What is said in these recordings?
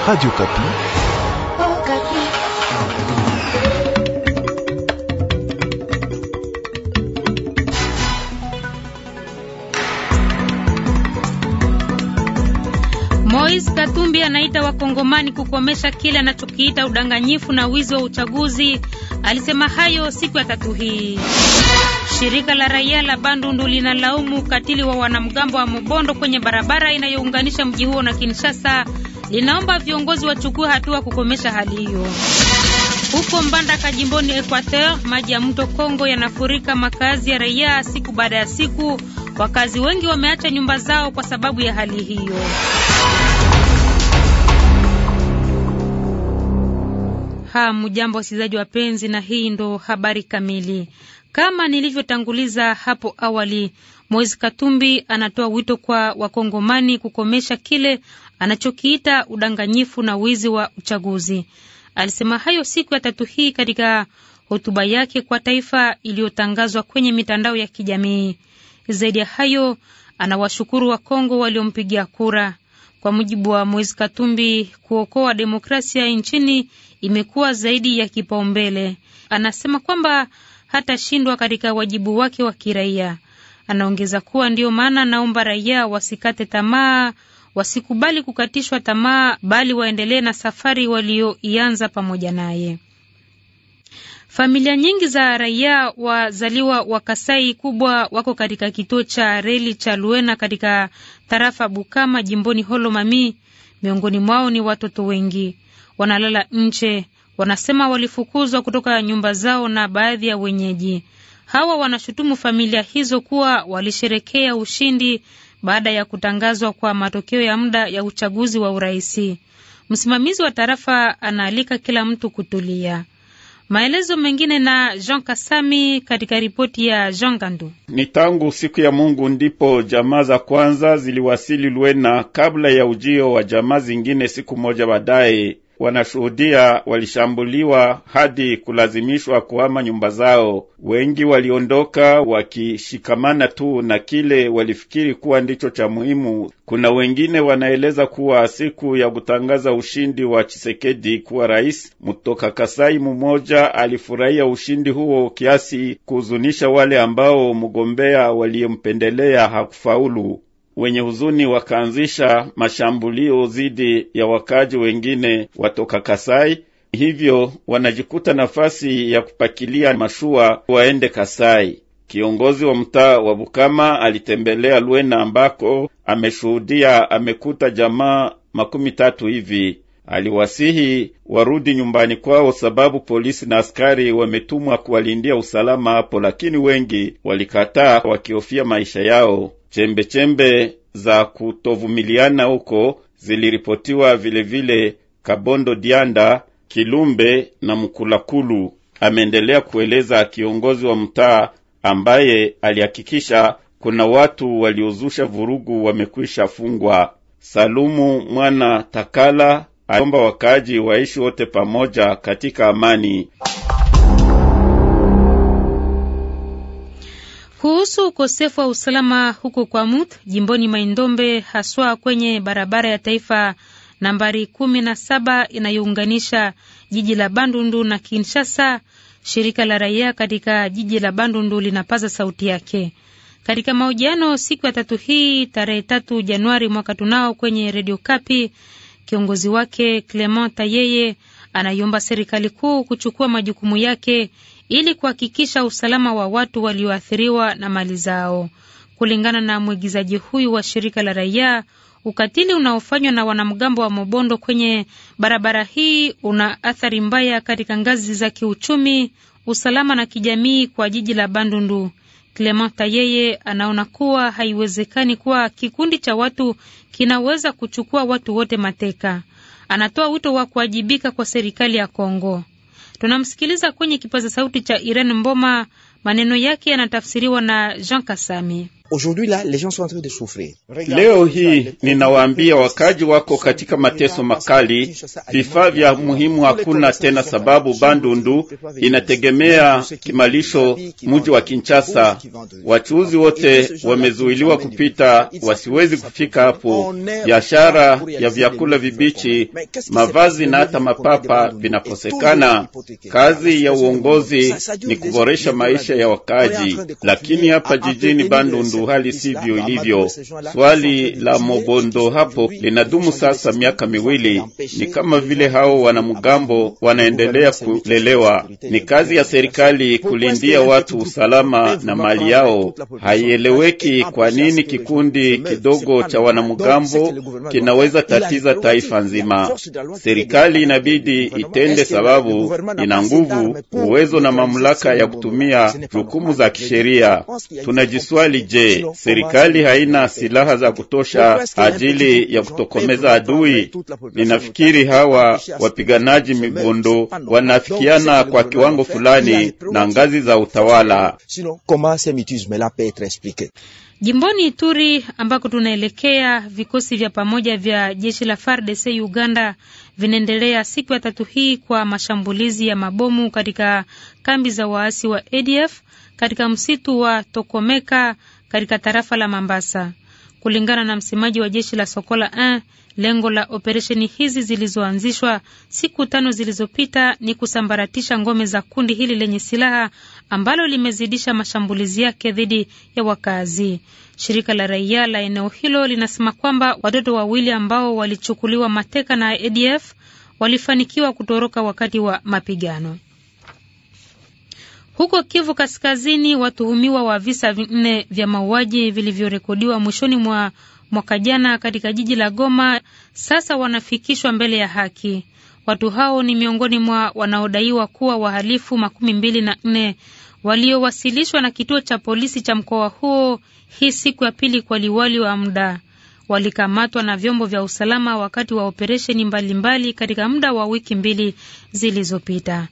Radio Kapi. Oh, Kapi. Moise Katumbi anaita wakongomani kukomesha kile anachokiita udanganyifu na wizi wa uchaguzi. Alisema hayo siku ya tatu hii. Shirika la raia la Bandundu linalaumu ukatili wa wanamgambo wa Mobondo kwenye barabara inayounganisha mji huo na Kinshasa linaomba viongozi wachukue hatua kukomesha hali hiyo. Huko Mbandaka jimboni Equateur, maji ya mto Kongo yanafurika makazi ya raia siku baada ya siku. Wakazi wengi wameacha nyumba zao kwa sababu ya hali hiyo. Hamjambo wasikilizaji wapenzi, na hii ndo habari kamili. Kama nilivyotanguliza hapo awali, Moise Katumbi anatoa wito kwa wakongomani kukomesha kile anachokiita udanganyifu na wizi wa uchaguzi. Alisema hayo siku ya tatu hii katika hotuba yake kwa taifa iliyotangazwa kwenye mitandao ya kijamii. Zaidi ya hayo, anawashukuru Wakongo waliompigia kura. Kwa mujibu wa Moise Katumbi, kuokoa demokrasia nchini imekuwa zaidi ya kipaumbele. Anasema kwamba hatashindwa katika wajibu wake wa kiraia. Anaongeza kuwa ndiyo maana naomba raia wasikate tamaa wasikubali kukatishwa tamaa, bali waendelee na safari walioianza pamoja naye. Familia nyingi za raia wazaliwa wa Kasai kubwa wako katika kituo cha reli cha Luena katika tarafa Bukama jimboni Holo Mami. Miongoni mwao ni watoto wengi wanalala nje, wanasema walifukuzwa kutoka nyumba zao na baadhi ya wenyeji. Hawa wanashutumu familia hizo kuwa walisherekea ushindi baada ya kutangazwa kwa matokeo ya muda ya uchaguzi wa uraisi. Msimamizi wa tarafa anaalika kila mtu kutulia. Maelezo mengine na Jean Kasami katika ripoti ya Jean Gandu. Ni tangu siku ya Mungu ndipo jamaa za kwanza ziliwasili lwena kabla ya ujio wa jamaa zingine siku moja baadaye wanashuhudia walishambuliwa hadi kulazimishwa kuhama nyumba zao. Wengi waliondoka wakishikamana tu na kile walifikiri kuwa ndicho cha muhimu. Kuna wengine wanaeleza kuwa siku ya kutangaza ushindi wa Chisekedi kuwa rais, mtoka Kasai mmoja alifurahia ushindi huo kiasi kuhuzunisha wale ambao mgombea waliyempendelea hakufaulu wenye huzuni wakaanzisha mashambulio dhidi ya wakaji wengine watoka Kasai, hivyo wanajikuta nafasi ya kupakilia mashua waende Kasai. Kiongozi wa mtaa wa Bukama alitembelea Lwena ambako ameshuhudia, amekuta jamaa makumi tatu hivi. Aliwasihi warudi nyumbani kwao, sababu polisi na askari wametumwa kuwalindia usalama hapo, lakini wengi walikataa wakihofia maisha yao. Chembechembe chembe za kutovumiliana huko ziliripotiwa vilevile vile Kabondo, Dianda, Kilumbe na Mkulakulu. Ameendelea kueleza kiongozi wa mtaa ambaye alihakikisha kuna watu waliozusha vurugu wamekwisha fungwa. Salumu mwana Takala aomba wakaaji waishi wote pamoja katika amani. Kuhusu ukosefu wa usalama huko kwa Mut jimboni Maindombe, haswa kwenye barabara ya taifa nambari kumi na saba inayounganisha jiji la Bandundu na Kinshasa, shirika la raia katika jiji la Bandundu linapaza sauti yake katika mahojiano siku ya tatu hii tarehe tatu Januari mwaka tunao kwenye redio Kapi. Kiongozi wake Clement Tayeye anaiomba serikali kuu kuchukua majukumu yake ili kuhakikisha usalama wa watu walioathiriwa na mali zao. Kulingana na mwigizaji huyu wa shirika la raia, ukatili unaofanywa na wanamgambo wa Mobondo kwenye barabara hii una athari mbaya katika ngazi za kiuchumi, usalama na kijamii kwa jiji la Bandundu. Clementa yeye anaona kuwa haiwezekani kuwa kikundi cha watu kinaweza kuchukua watu wote mateka. Anatoa wito wa kuwajibika kwa serikali ya Kongo. Tunamsikiliza kwenye kipaza sauti cha Irene Mboma, maneno yake yanatafsiriwa na Jean Kasami. Leo hii ninawaambia wakaji wako katika mateso makali, vifaa vya muhimu hakuna tena, sababu Bandundu inategemea kimalisho mji wa Kinshasa. Wachuuzi wote wamezuiliwa kupita, wasiwezi kufika hapo. Biashara ya vyakula vibichi, mavazi na hata mapapa vinakosekana. Kazi ya uongozi ni kuboresha maisha ya wakaji, lakini hapa jijini Bandundu hali sivyo ilivyo. Swali la Mobondo hapo linadumu sasa miaka miwili. Ni kama vile hao wanamgambo wanaendelea kulelewa. Ni kazi ya serikali kulindia watu usalama na mali yao. Haieleweki kwa nini kikundi kidogo cha wanamgambo kinaweza tatiza taifa nzima. Serikali inabidi itende, sababu ina nguvu, uwezo na mamlaka ya kutumia jukumu za kisheria. Tunajiswali, je, serikali haina silaha za kutosha ajili ya kutokomeza adui? Ninafikiri hawa wapiganaji migondo wanafikiana kwa kiwango fulani na ngazi za utawala. Jimboni Ituri ambako tunaelekea, vikosi vya pamoja vya jeshi la FARDC Uganda vinaendelea siku ya tatu hii kwa mashambulizi ya mabomu katika kambi za waasi wa ADF katika msitu wa Tokomeka katika tarafa la Mambasa. Kulingana na msemaji wa jeshi la Sokola 1, eh, lengo la operesheni hizi zilizoanzishwa siku tano zilizopita ni kusambaratisha ngome za kundi hili lenye silaha ambalo limezidisha mashambulizi yake dhidi ya wakazi. Shirika la raia la eneo hilo linasema kwamba watoto wawili ambao walichukuliwa mateka na ADF walifanikiwa kutoroka wakati wa mapigano. Huko Kivu Kaskazini, watuhumiwa wa visa vinne vya mauaji vilivyorekodiwa mwishoni mwa mwaka jana katika jiji la Goma sasa wanafikishwa mbele ya haki. Watu hao ni miongoni mwa wanaodaiwa kuwa wahalifu makumi mbili na nne waliowasilishwa na kituo cha polisi cha mkoa huo hii siku ya pili kwa liwali wa muda. Walikamatwa na vyombo vya usalama wakati wa operesheni mbalimbali katika muda wa wiki mbili zilizopita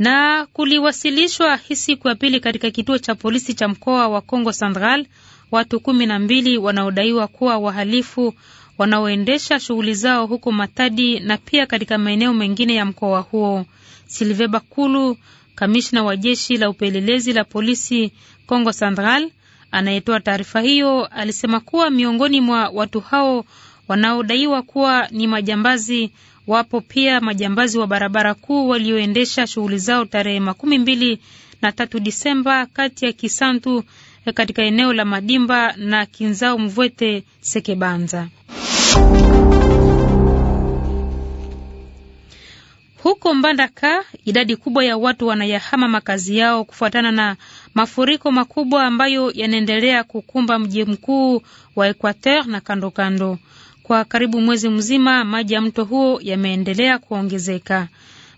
na kuliwasilishwa hii siku ya pili katika kituo cha polisi cha mkoa wa congo Central watu kumi na mbili wanaodaiwa kuwa wahalifu wanaoendesha shughuli zao huko Matadi na pia katika maeneo mengine ya mkoa huo. Silve Bakulu, kamishna wa jeshi la upelelezi la polisi congo Central, anayetoa taarifa hiyo, alisema kuwa miongoni mwa watu hao wanaodaiwa kuwa ni majambazi. Wapo pia majambazi wa barabara kuu walioendesha shughuli zao tarehe makumi mbili na tatu Disemba kati ya Kisantu eh, katika eneo la Madimba na Kinzao Mvwete Sekebanza. Huko Mbandaka idadi kubwa ya watu wanayahama makazi yao kufuatana na mafuriko makubwa ambayo yanaendelea kukumba mji mkuu wa Equateur na kando kando. Kwa karibu mwezi mzima maji ya mto huo yameendelea kuongezeka.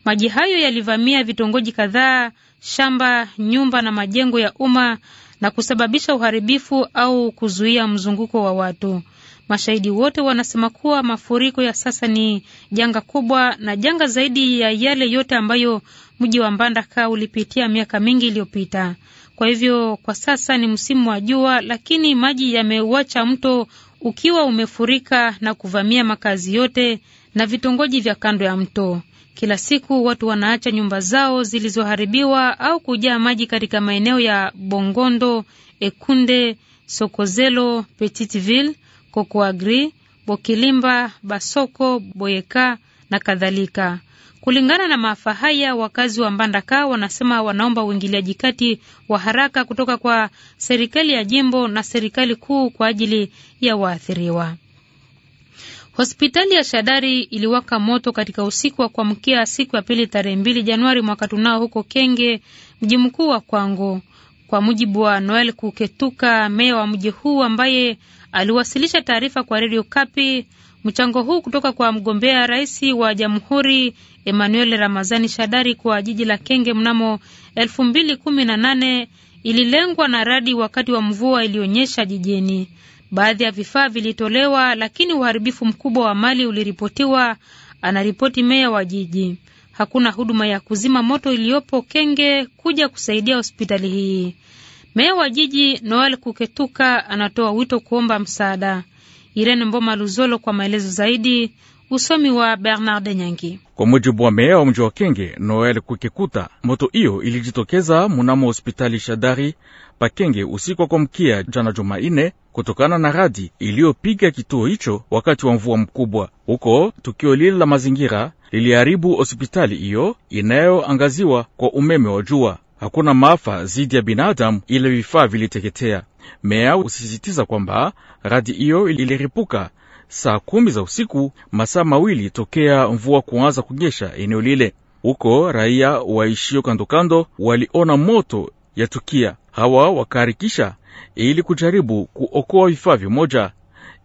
Maji hayo yalivamia vitongoji kadhaa, shamba, nyumba na majengo ya umma na kusababisha uharibifu au kuzuia mzunguko wa watu. Mashahidi wote wanasema kuwa mafuriko ya sasa ni janga kubwa na janga zaidi ya yale yote ambayo mji wa Mbandaka ulipitia miaka mingi iliyopita. Kwa hivyo kwa sasa ni msimu wa jua, lakini maji yameuacha mto ukiwa umefurika na kuvamia makazi yote na vitongoji vya kando ya mto. Kila siku watu wanaacha nyumba zao zilizoharibiwa au kujaa maji katika maeneo ya Bongondo, Ekunde, Sokozelo, Petitville, Kokoagri, Bokilimba, Basoko, Boyeka na kadhalika. Kulingana na maafa haya, wakazi wa Mbandaka wanasema wanaomba uingiliaji kati wa haraka kutoka kwa serikali ya jimbo na serikali kuu kwa ajili ya waathiriwa. Hospitali ya Shadari iliwaka moto katika usiku wa kuamkia siku ya pili tarehe mbili Januari mwaka tunao huko Kenge, mji mkuu wa Kwango. Kwa mujibu wa Noel Kuketuka, meya wa mji huu ambaye aliwasilisha taarifa kwa redio Kapi, mchango huu kutoka kwa mgombea rais wa jamhuri Emmanuel Ramazani Shadari kwa jiji la Kenge mnamo 2018 ililengwa na radi wakati wa mvua iliyonyesha jijini. Baadhi ya vifaa vilitolewa, lakini uharibifu mkubwa wa mali uliripotiwa, anaripoti meya wa jiji. Hakuna huduma ya kuzima moto iliyopo Kenge kuja kusaidia hospitali hii. Meya wa jiji Noel Kuketuka anatoa wito kuomba msaada. Irene Mboma Luzolo kwa maelezo zaidi. Usomi wa Bernard Nyangi. Kwa mujibu wa meya wa mji wa Kenge Noel Kukekuta, moto hiyo ilijitokeza munamo hospitali Shadari Pakenge usiku wa kuamkia jana Jumanne, kutokana na radi iliyopiga kituo hicho wakati wa mvua mkubwa. Huko tukio lile la mazingira liliharibu hospitali hiyo inayoangaziwa kwa umeme wa jua. Hakuna maafa zidi ya binadamu, ile vifaa viliteketea. Meya usisitiza kwamba radi hiyo iliripuka saa kumi za usiku, masaa mawili tokea mvua kuanza kunyesha eneo lile. Huko raia waishio kandokando waliona moto ya tukia, hawa wakaharikisha ili kujaribu kuokoa vifaa vimoja,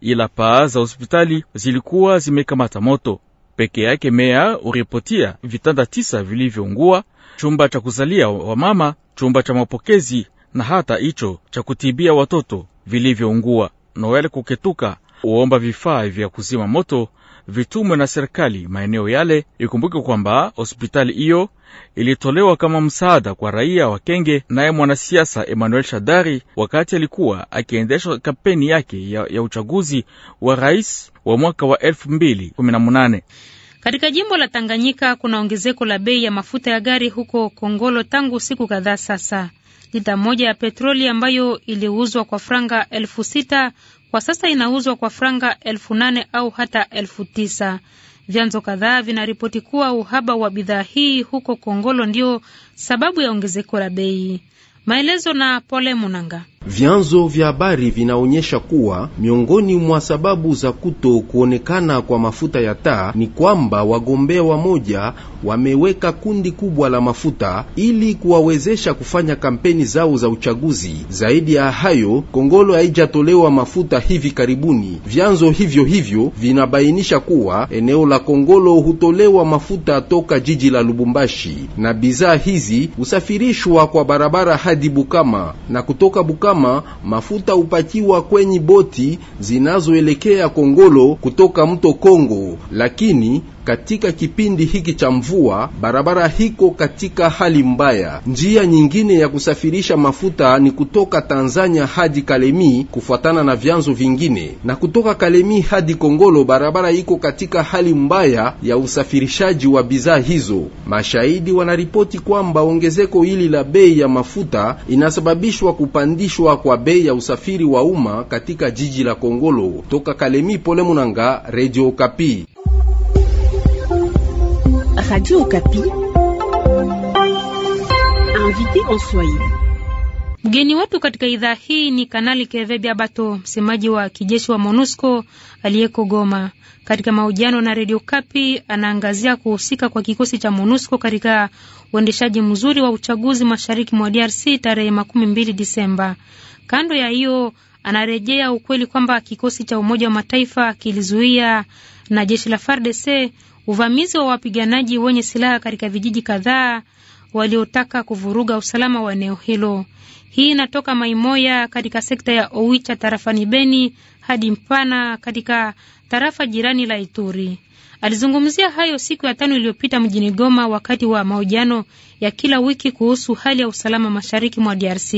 ila paa za hospitali zilikuwa zimekamata moto peke yake. Meya uripotia vitanda tisa vilivyoungua, chumba cha kuzalia wamama, chumba cha mapokezi na hata hicho cha kutibia watoto vilivyoungua. Noel Kuketuka huomba vifaa vya kuzima moto vitumwe na serikali maeneo yale. Ikumbuke kwamba hospitali hiyo ilitolewa kama msaada kwa raia wa Kenge. Naye mwanasiasa Emmanuel Shadari, wakati alikuwa akiendesha kampeni yake ya, ya uchaguzi wa rais wa mwaka wa 2018. Katika jimbo la Tanganyika kuna ongezeko la bei ya mafuta ya gari huko Kongolo tangu siku kadhaa sasa. Lita moja ya petroli ambayo iliuzwa kwa franga elfu sita kwa sasa inauzwa kwa franga elfu nane au hata elfu tisa. Vyanzo kadhaa vinaripoti kuwa uhaba wa bidhaa hii huko Kongolo ndio sababu ya ongezeko la bei. Maelezo na Pole Munanga. Vyanzo vya habari vinaonyesha kuwa miongoni mwa sababu za kuto kuonekana kwa mafuta ya taa ni kwamba wagombea wamoja wameweka kundi kubwa la mafuta ili kuwawezesha kufanya kampeni zao za uchaguzi. Zaidi ya hayo, Kongolo haijatolewa mafuta hivi karibuni. Vyanzo hivyo hivyo vinabainisha kuwa eneo la Kongolo hutolewa mafuta toka jiji la Lubumbashi, na bidhaa hizi husafirishwa kwa barabara hadi Bukama na kutoka Bukama kama mafuta upakiwa kwenye boti zinazoelekea Kongolo kutoka mto Kongo, lakini katika kipindi hiki cha mvua, barabara hiko katika hali mbaya. Njia nyingine ya kusafirisha mafuta ni kutoka Tanzania hadi Kalemi kufuatana na vyanzo vingine, na kutoka Kalemi hadi Kongolo barabara iko katika hali mbaya ya usafirishaji wa bidhaa hizo. Mashahidi wanaripoti kwamba ongezeko hili la bei ya mafuta inasababishwa kupandishwa kwa bei ya usafiri wa umma katika jiji la Kongolo. Toka Kalemi, Pole Munanga, Radio Kapi. Radio Okapi. Invité en Swahili. Mgeni wetu katika idhaa hii ni Kanali Kevebia Bato, msemaji wa kijeshi wa MONUSCO aliyeko Goma. Katika mahojiano na Radio Kapi, anaangazia kuhusika kwa kikosi cha MONUSCO katika uendeshaji mzuri wa uchaguzi mashariki mwa DRC tarehe makumi mbili Disemba. Kando ya hiyo, anarejea ukweli kwamba kikosi cha Umoja wa Mataifa kilizuia na jeshi la FARDC uvamizi wa wapiganaji wenye silaha katika vijiji kadhaa waliotaka kuvuruga usalama wa eneo hilo. Hii inatoka Maimoya katika sekta ya Owicha tarafani Beni hadi Mpana katika tarafa jirani la Ituri. Alizungumzia hayo siku ya tano iliyopita mjini Goma wakati wa mahojiano ya kila wiki kuhusu hali ya usalama mashariki mwa DRC.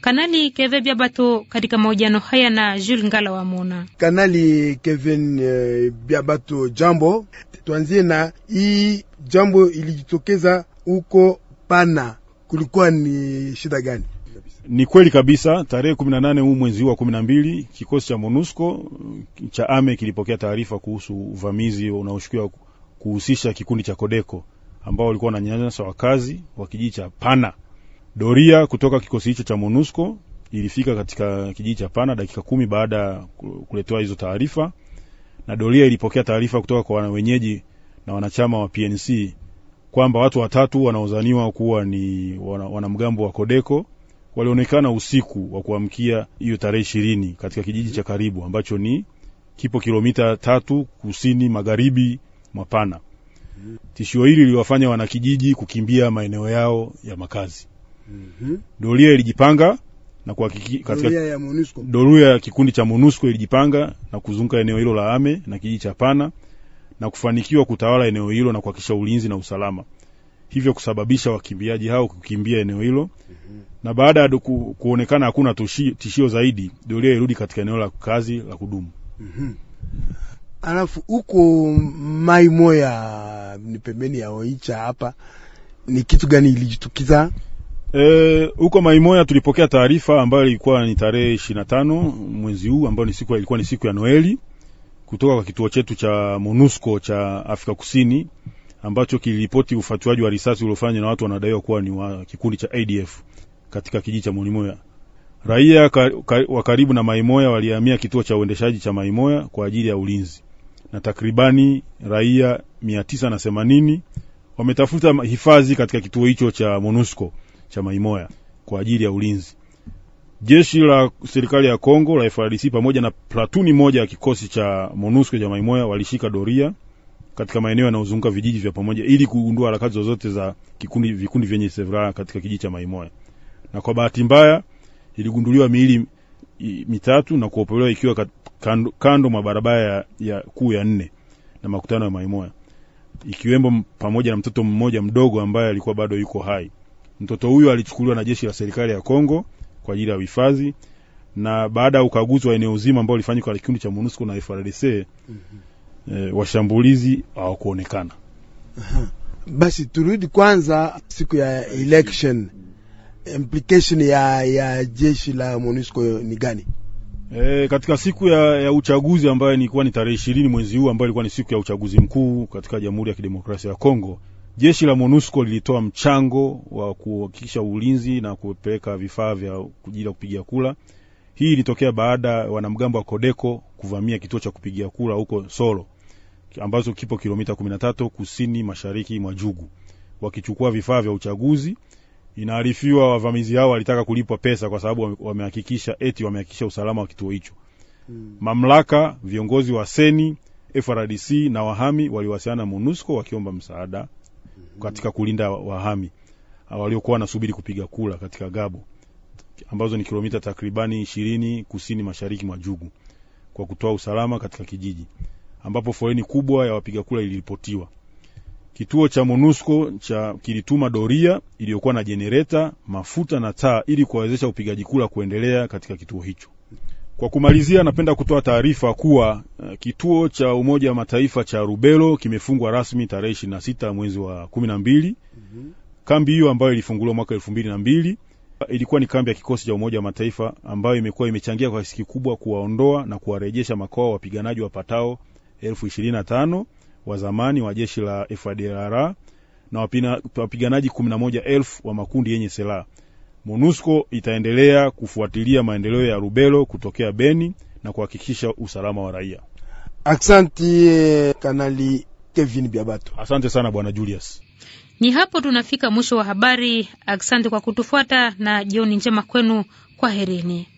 Kanali Keve Biabato katika mahojiano haya na Jules Ngala wa Mona. Kanali Kevin uh, eh, Biabato, jambo. Tuanzie na hii jambo ilijitokeza huko Pana, kulikuwa ni shida gani? Ni kweli kabisa, tarehe kumi na nane huu mwezi wa kumi na mbili kikosi cha MONUSCO eh, cha AME kilipokea taarifa kuhusu uvamizi unaoshukiwa kuhusisha kikundi cha Kodeko ambao walikuwa wananyanyasa wakazi wa kijiji cha Pana Doria kutoka kikosi hicho cha MONUSCO ilifika katika kijiji cha Pana dakika kumi baada ya kuletewa hizo taarifa, na doria ilipokea taarifa kutoka kwa wenyeji na wanachama wa PNC kwamba watu watatu wanaozaniwa kuwa ni wanamgambo wa Kodeko walionekana usiku wa kuamkia hiyo tarehe ishirini katika kijiji cha karibu ambacho ni kipo kilomita tatu kusini magharibi mwa Pana. Tishio hili liliwafanya wanakijiji kukimbia maeneo yao ya makazi mm -hmm. Doria ilijipanga na kuhakiki ya MONUSCO, doria ya kikundi cha MONUSCO ilijipanga na kuzunguka eneo hilo la Ame na kijiji cha Pana na kufanikiwa kutawala eneo hilo na kuhakikisha ulinzi na usalama, hivyo kusababisha wakimbiaji hao kukimbia eneo hilo mm -hmm. Na baada ya ku, kuonekana hakuna tishio zaidi, doria irudi katika eneo la kazi la kudumu mm -hmm. Alafu huko Mai Moya ni pembeni ya Oicha hapa, ni kitu gani ilijitukiza Eh, huko e, Maimoya tulipokea taarifa ambayo ilikuwa ni tarehe ishirini na tano mwezi huu ambayo ni siku, ilikuwa ni siku ya Noeli kutoka kwa kituo chetu cha MONUSCO cha Afrika Kusini ambacho kiliripoti ufuatiaji wa risasi uliofanywa na watu wanadaiwa kuwa ni wa kikundi cha ADF katika kijiji cha Monimoya. Raia wa karibu na Maimoya walihamia kituo cha uendeshaji cha Maimoya kwa ajili ya ulinzi, na takribani raia 980 na wametafuta hifadhi katika kituo hicho cha MONUSCO cha Maimoya kwa ajili ya ulinzi. Jeshi la serikali ya Kongo la frdc pamoja na platuni moja ya kikosi cha MONUSCO cha Maimoya walishika doria katika maeneo yanayozunguka vijiji vya pamoja ili kugundua harakati zozote za kikundi vikundi vyenye sevra katika kijiji cha Maimoya. Na kwa bahati mbaya iligunduliwa miili mitatu na kuopolewa ikiwa kat, kando, kando mwa barabara ya, ya kuu ya nne na makutano ya Maimoya ikiwemo pamoja na mtoto mmoja mdogo ambaye alikuwa bado yuko hai. Mtoto huyo alichukuliwa na jeshi la serikali ya Kongo kwa ajili ya uhifadhi, na baada ya ukaguzi wa eneo zima ambao ulifanyika kwa kikundi cha MONUSCO na FARDC mm -hmm. e, eh, washambulizi hawakuonekana. Basi turudi kwanza siku ya election, implication ya, ya jeshi la MONUSCO ni gani? E, katika siku ya, ya uchaguzi ambayo ilikuwa ni tarehe ishirini mwezi huu ambayo ilikuwa ni siku ya uchaguzi mkuu katika Jamhuri ya Kidemokrasia ya Kongo Jeshi la MONUSCO lilitoa mchango wa kuhakikisha ulinzi na kupeleka vifaa vya ajili ya kupigia kula. Hii ilitokea baada ya wanamgambo wa Kodeko kuvamia kituo cha kupigia kula huko Solo ambacho kipo kilomita 13 kusini mashariki mwa Jugu, wakichukua vifaa vya uchaguzi. Inaarifiwa wavamizi hao walitaka kulipwa pesa kwa sababu wamehakikisha eti wamehakikisha usalama wa kituo hicho. Hmm. Mamlaka, viongozi wa Seni, FRDC na wahami waliwasiliana MONUSCO wakiomba msaada katika kulinda wahami waliokuwa wanasubiri kupiga kura katika Gabo ambazo ni kilomita takribani ishirini kusini mashariki mwa Jugu kwa kutoa usalama katika kijiji ambapo foleni kubwa ya wapiga kura iliripotiwa. Kituo cha MONUSCO cha kilituma doria iliyokuwa na jenereta, mafuta na taa ili kuwawezesha upigaji kura kuendelea katika kituo hicho. Kwa kumalizia, napenda kutoa taarifa kuwa eh, kituo cha Umoja wa Mataifa cha Rubelo kimefungwa rasmi tarehe 26 mwezi wa 12. Mm-hmm. Kambi hiyo ambayo ilifunguliwa mwaka 2002 eh, ilikuwa ni kambi ya kikosi cha Umoja wa Mataifa ambayo imekuwa imechangia kwa kiasi kikubwa kuwaondoa na kuwarejesha makwao wapiganaji wapatao elfu ishirini na tano wa zamani wa jeshi la FDLR na wapiganaji 11,000 wa makundi yenye silaha MONUSCO itaendelea kufuatilia maendeleo ya Rubelo kutokea Beni na kuhakikisha usalama wa raia. Aksanti Kanali Kevin Biabato. Asante sana Bwana Julius. Ni hapo tunafika mwisho wa habari. Asante kwa kutufuata na jioni njema kwenu, kwa herini